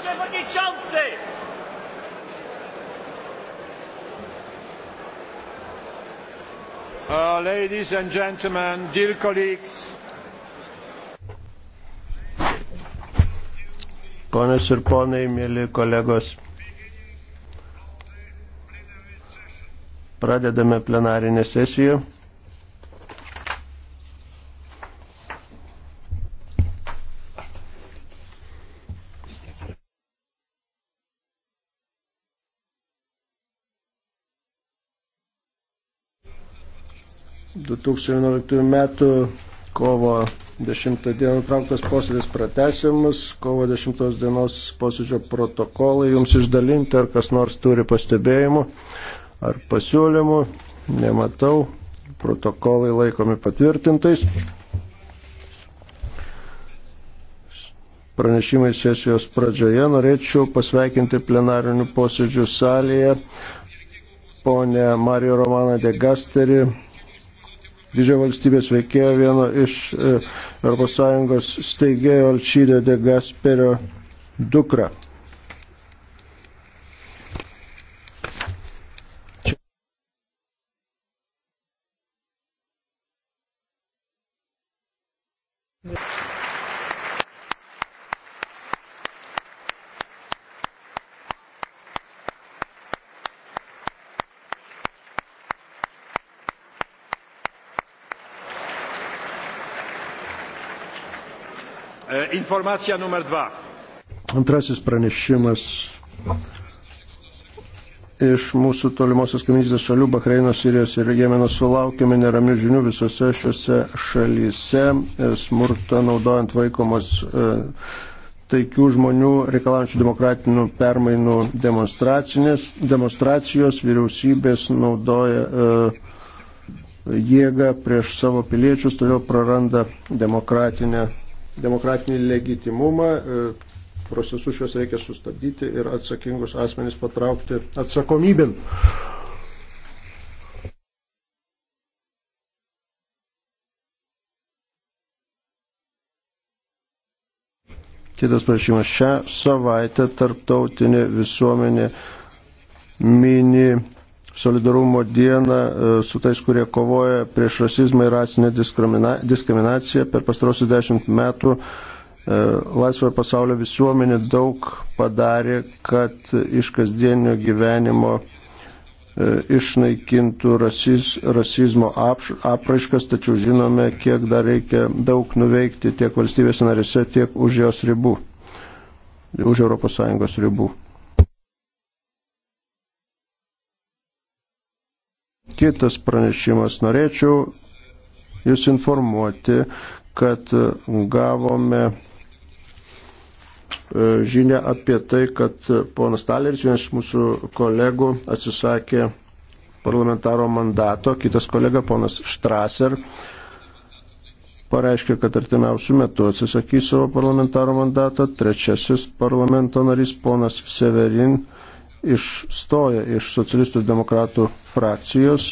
przewodniczący! Uh, ladies and gentlemen, dear colleagues. Ponas ir ponai, mėly kolegos, pradedame plenarinę sesiją. 2011 metų kovo 10 dieną nutrauktas posėdis pratesiamas, kovo 10 dienos posėdžio protokolai jums išdalinti, ar kas nors turi pastebėjimų ar pasiūlymų, nematau, protokolai laikomi patvirtintais. Pranešimai sesijos pradžioje norėčiau pasveikinti plenarinių posėdžių salėje ponę Mariją Romaną Degasterį, didžiojo valstybės veikėjo, vieno iš ES steigėjo Alčydė de Gasperio dukra. Thank you. E, Informacija numer 2. Antrasis pranešimas iš mūsų tolimosios kaimynystės šalių Bahreino, Sirijos ir Jemeno sulaukėme neramių žinių visose šiuose šalyse. E, smurtą naudojant vaikomos e, taikių žmonių reikalaujančių demokratinių permainų demonstracijos vyriausybės naudoja jėgą prieš savo piliečius, todėl praranda demokratinę demokratinį legitimumą. E, procesus šios reikia sustabdyti ir atsakingus asmenys patraukti atsakomybin. Kitas prašymas. Šią savaitę tarptautinė visuomenė mini solidarumo dieną e, su tais, kurie kovoja prieš rasizmą ir rasinę diskriminaciją. Per pastarosius dešimt metų e, laisvojo pasaulio visuomenė daug padarė, kad iš kasdienio gyvenimo e, išnaikintų rasiz, rasizmo apraiškas, tačiau žinome, kiek dar reikia daug nuveikti tiek valstybės narėse, tiek už jos ribų, už ES ribų. Kitas pranešimas. Norėčiau Jūs informuoti, kad gavome e, žinia apie tai, kad ponas Taleris, vienas iš mūsų kolegų, atsisakė parlamentaro mandato, kitas kolega ponas Štraser pareiškė, kad artimiausių metų atsisakys savo parlamentaro mandato, trečiasis parlamento narys ponas Severin išstoja iš socialistų demokratų frakcijos.